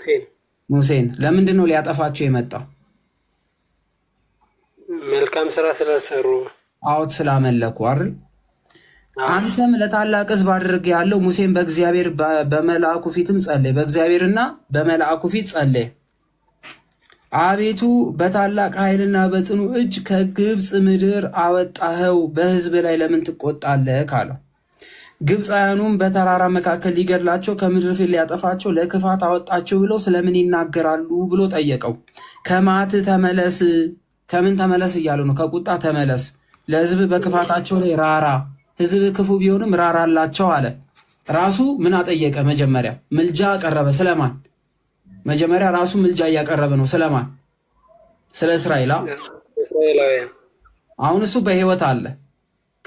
ሙሴን ሙሴን ለምንድን ነው ሊያጠፋቸው የመጣው? መልካም ስራ ስለሰሩ አዎት፣ ስላመለኩ አይደል? አንተም ለታላቅ ህዝብ አድርግ ያለው ሙሴን በእግዚአብሔር በመልአኩ ፊትም ጸለይ፣ በእግዚአብሔርና በመልአኩ ፊት ጸለይ። አቤቱ በታላቅ ኃይልና በጽኑ እጅ ከግብፅ ምድር አወጣኸው፣ በህዝብ ላይ ለምን ትቆጣለህ? ካለው ግብፃውያኑም በተራራ መካከል ሊገድላቸው ከምድር ፊት ሊያጠፋቸው ለክፋት አወጣቸው ብለው ስለምን ይናገራሉ ብሎ ጠየቀው። ከማት ተመለስ፣ ከምን ተመለስ እያሉ ነው? ከቁጣ ተመለስ፣ ለህዝብ በክፋታቸው ላይ ራራ፣ ህዝብ ክፉ ቢሆንም ራራላቸው አለ። ራሱ ምን አጠየቀ? መጀመሪያ ምልጃ አቀረበ። ስለማን? መጀመሪያ ራሱ ምልጃ እያቀረበ ነው። ስለማን? ስለ እስራኤላ። አሁን እሱ በህይወት አለ።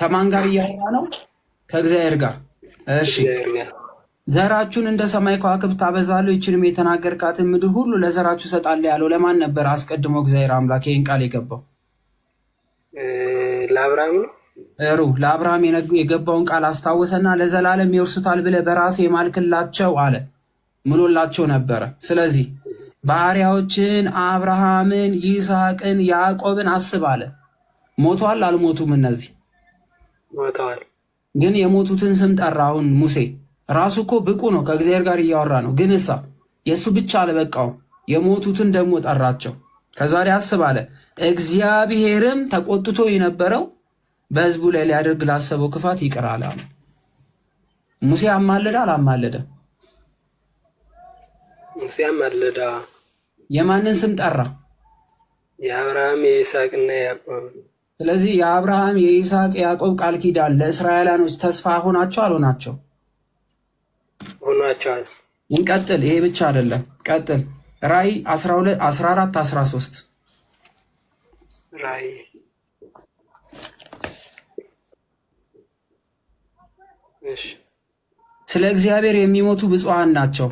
ከማን ጋር እያወራ ነው? ከእግዚአብሔር ጋር እሺ ዘራችሁን እንደ ሰማይ ከዋክብት ታበዛለሁ ይችንም የተናገርካትን ምድር ሁሉ ለዘራችሁ እሰጣለሁ ያለው ለማን ነበር? አስቀድሞ እግዚአብሔር አምላክ ይህን ቃል የገባው ለአብርሃም ነው። ሩ ለአብርሃም የገባውን ቃል አስታወሰና ለዘላለም ይወርሱታል ብለህ በራሴ የማልክላቸው አለ ምሎላቸው ነበረ። ስለዚህ ባህሪያዎችን አብርሃምን፣ ይስሐቅን፣ ያዕቆብን አስብ አለ። ሞቷል አልሞቱም? እነዚህ ሞተዋል። ግን የሞቱትን ስም ጠራ። አሁን ሙሴ ራሱ እኮ ብቁ ነው፣ ከእግዚአብሔር ጋር እያወራ ነው። ግን እሳ የእሱ ብቻ አልበቃው፣ የሞቱትን ደግሞ ጠራቸው። ከዛሬ አስብ አለ። እግዚአብሔርም ተቆጥቶ የነበረው በህዝቡ ላይ ሊያደርግ ላሰበው ክፋት ይቅር አለ። ሙሴ አማለዳ አላማለደ? ሙሴ አማለዳ። የማንን ስም ጠራ? የአብርሃም የይስሐቅና ያዕቆብ ስለዚህ የአብርሃም የይስሐቅ ያዕቆብ ቃል ኪዳን ለእስራኤላኖች ተስፋ ሆናቸው አልሆናቸው? ሆናቸዋል። እንቀጥል። ይሄ ብቻ አይደለም። ቀጥል። ራይ 14 13 ስለ እግዚአብሔር የሚሞቱ ብፁዓን ናቸው።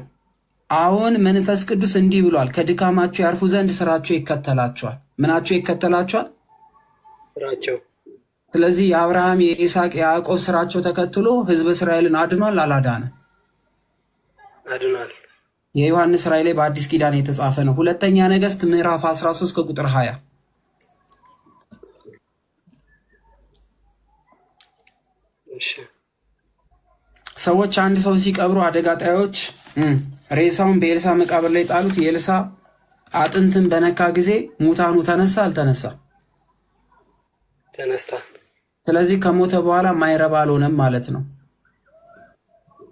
አሁን መንፈስ ቅዱስ እንዲህ ብሏል፣ ከድካማቸው ያርፉ ዘንድ ስራቸው ይከተላቸዋል። ምናቸው ይከተላቸዋል? ስራቸው። ስለዚህ የአብርሃም የይስሐቅ የያዕቆብ ስራቸው ተከትሎ ህዝብ እስራኤልን አድኗል አላዳነ? አድኗል። የዮሐንስ ራእይ ላይ በአዲስ ኪዳን የተጻፈ ነው። ሁለተኛ ነገስት ምዕራፍ 13 ከቁጥር 20 ሰዎች አንድ ሰው ሲቀብሩ አደጋ ጣዮች ሬሳውን በኤልሳ መቃብር ላይ ጣሉት። የኤልሳ አጥንትን በነካ ጊዜ ሙታኑ ተነሳ አልተነሳ? ተነስቷል። ስለዚህ ከሞተ በኋላ ማይረባ አልሆነም ማለት ነው።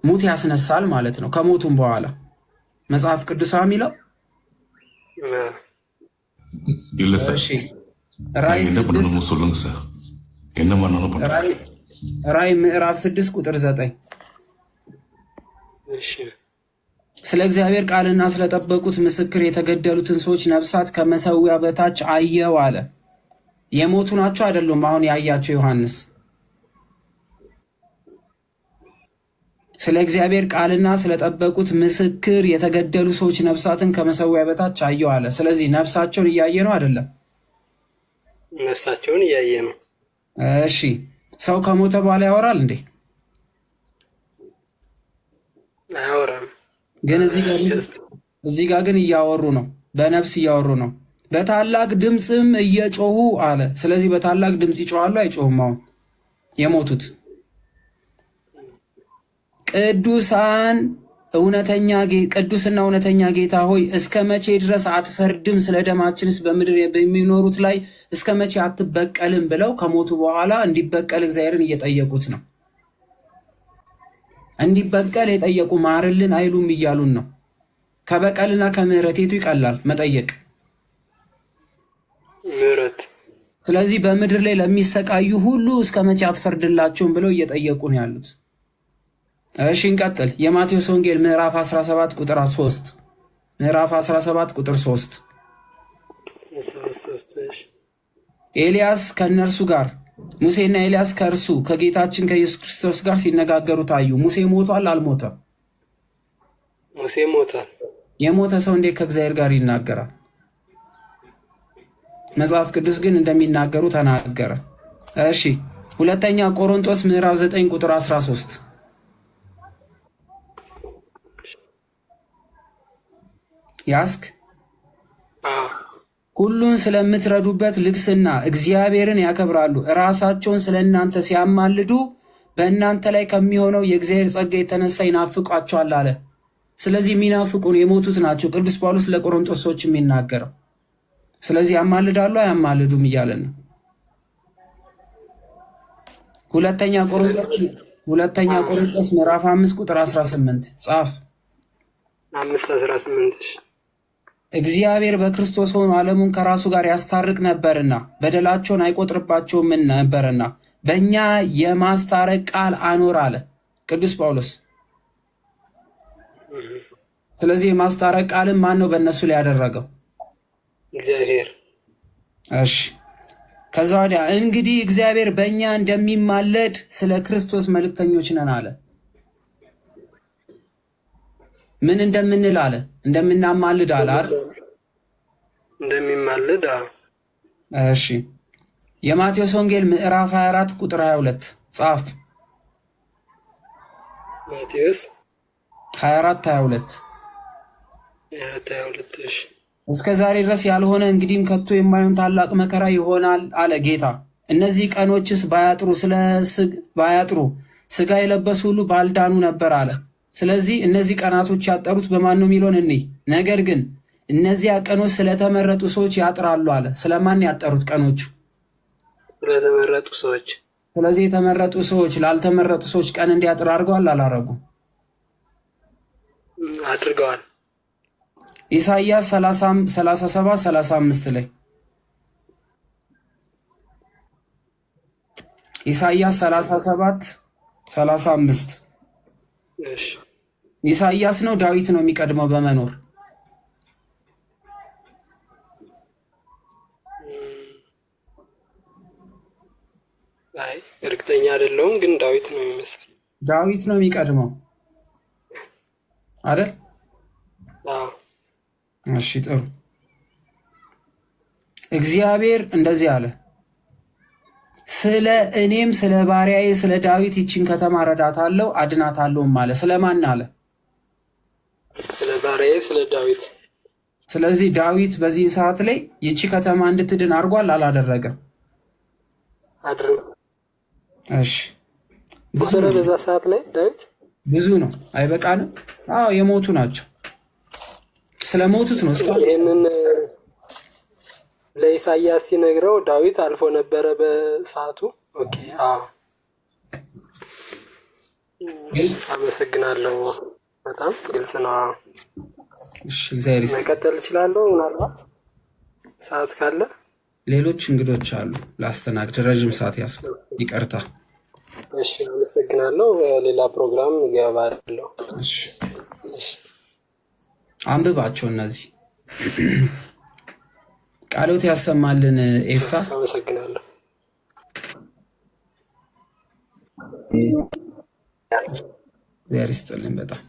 ሙት ያስነሳል ማለት ነው። ከሞቱም በኋላ መጽሐፍ ቅዱሳ የሚለው ራይ ምዕራፍ ስድስት ቁጥር ዘጠኝ ስለ እግዚአብሔር ቃልና ስለጠበቁት ምስክር የተገደሉትን ሰዎች ነፍሳት ከመሰዊያ በታች አየው አለ። የሞቱ ናቸው አይደሉም? አሁን ያያቸው ዮሐንስ ስለ እግዚአብሔር ቃልና ስለጠበቁት ምስክር የተገደሉ ሰዎች ነፍሳትን ከመሰዊያ በታች አየው አለ። ስለዚህ ነፍሳቸውን እያየ ነው አይደለም? ነፍሳቸውን እያየ ነው። እሺ ሰው ከሞተ በኋላ ያወራል እንዴ? አያወራም። ግን እዚህ ጋር ግን እያወሩ ነው፣ በነፍስ እያወሩ ነው። በታላቅ ድምፅም እየጮሁ አለ። ስለዚህ በታላቅ ድምፅ ይጮሃሉ አይጮሁም? አሁን የሞቱት ቅዱሳን እውነተኛ ቅዱስና እውነተኛ ጌታ ሆይ እስከ መቼ ድረስ አትፈርድም? ስለ ደማችንስ በምድር በሚኖሩት ላይ እስከ መቼ አትበቀልም? ብለው ከሞቱ በኋላ እንዲበቀል እግዚአብሔርን እየጠየቁት ነው። እንዲበቀል የጠየቁ ማርልን አይሉም እያሉን ነው። ከበቀልና ከምህረቴቱ ይቀላል መጠየቅ ምሕረት። ስለዚህ በምድር ላይ ለሚሰቃዩ ሁሉ እስከ መቼ አትፈርድላቸውም ብለው እየጠየቁ ነው ያሉት። እሺ እንቀጥል። የማቴዎስ ወንጌል ምዕራፍ 17 ቁጥር 3 ምዕራፍ 17 ቁጥር 3 ኤልያስ ከእነርሱ ጋር ሙሴና ኤልያስ ከእርሱ ከጌታችን ከኢየሱስ ክርስቶስ ጋር ሲነጋገሩ ታዩ። ሙሴ ሞቷል አልሞተም? ሙሴ ሞቷል። የሞተ ሰው እንዴት ከእግዚአብሔር ጋር ይናገራል? መጽሐፍ ቅዱስ ግን እንደሚናገሩ ተናገረ። እሺ ሁለተኛ ቆሮንቶስ ምዕራፍ 9 ቁጥር 13 ያስክ ሁሉን ስለምትረዱበት ልግስና እግዚአብሔርን ያከብራሉ፣ እራሳቸውን ስለ እናንተ ሲያማልዱ በእናንተ ላይ ከሚሆነው የእግዚአብሔር ጸጋ የተነሳ ይናፍቋቸዋል አለ። ስለዚህ የሚናፍቁን የሞቱት ናቸው። ቅዱስ ጳውሎስ ለቆሮንቶሶች የሚናገረው ስለዚህ ያማልዳሉ አያማልዱም እያለን ነው። ሁለተኛ ሁለተኛ ቆሮንቶስ ምዕራፍ አምስት ቁጥር 18 ጻፍ። አምስት ስምንት እግዚአብሔር በክርስቶስ ሆኖ ዓለሙን ከራሱ ጋር ያስታርቅ ነበርና በደላቸውን አይቆጥርባቸውም ነበርና በእኛ የማስታረቅ ቃል አኖር አለ ቅዱስ ጳውሎስ። ስለዚህ የማስታረቅ ቃልን ማን ነው በእነሱ ላይ ያደረገው? እግዚአብሔር። እሺ ከዛ ወዲያ እንግዲህ እግዚአብሔር በእኛ እንደሚማለድ ስለ ክርስቶስ መልእክተኞች ነን አለ። ምን እንደምንል አለ? እንደምናማልድ አለ አይደል? እንደሚማልድ። እሺ የማቴዎስ ወንጌል ምዕራፍ 24 ቁጥር 22 ጻፍ። ማቴዎስ 24 22 24 22። እሺ እስከ ዛሬ ድረስ ያልሆነ እንግዲህም ከቶ የማይሆን ታላቅ መከራ ይሆናል አለ ጌታ። እነዚህ ቀኖችስ ባያጥሩ ስለ ባያጥሩ ስጋ የለበሱ ሁሉ ባልዳኑ ነበር አለ። ስለዚህ እነዚህ ቀናቶች ያጠሩት በማን ነው የሚለውን እኔ ነገር ግን እነዚያ ቀኖች ስለተመረጡ ሰዎች ያጥራሉ አለ። ስለማን ያጠሩት ቀኖቹ? ስለተመረጡ ሰዎች። ስለዚህ የተመረጡ ሰዎች ላልተመረጡ ሰዎች ቀን እንዲያጥር አድርገዋል አላረጉ? አድርገዋል። ኢሳይያስ 37 35 ላይ ኢሳይያስ 37 35 እሺ፣ ኢሳይያስ ነው ዳዊት ነው የሚቀድመው በመኖር አይ እርግጠኛ አይደለሁም ግን ዳዊት ነው የሚመስል ዳዊት ነው የሚቀድመው አይደል አዎ እሺ ጥሩ። እግዚአብሔር እንደዚህ አለ፣ ስለ እኔም ስለ ባሪያዬ ስለ ዳዊት ይችን ከተማ ረዳታለሁ አድናታለሁም አለ። ማን አለ? ስለ ባሪያዬ ስለ ዳዊት። ስለዚህ ዳዊት በዚህን ሰዓት ላይ ይቺ ከተማ እንድትድን አድርጓል አላደረገም? እሺ ብዙ ነው። በዛ ሰዓት ላይ ዳዊት ብዙ ነው። አይበቃንም? አዎ የሞቱ ናቸው ስለሞቱት ነው። ይህንን ለኢሳያስ ሲነግረው ዳዊት አልፎ ነበረ በሰዓቱ። አመሰግናለሁ። በጣም ግልጽ ነው። መቀጠል እችላለሁ። ምናልባት ሰዓት ካለ ሌሎች እንግዶች አሉ ላስተናግድ። ረዥም ሰዓት ያስ ይቅርታ። እሺ፣ አመሰግናለሁ። ሌላ ፕሮግራም እገባለሁ። አንብባቸው እነዚህ ቃሎት ያሰማልን። ኤፍታ አመሰግናለሁ። እግዚአብሔር ይስጥልን በጣም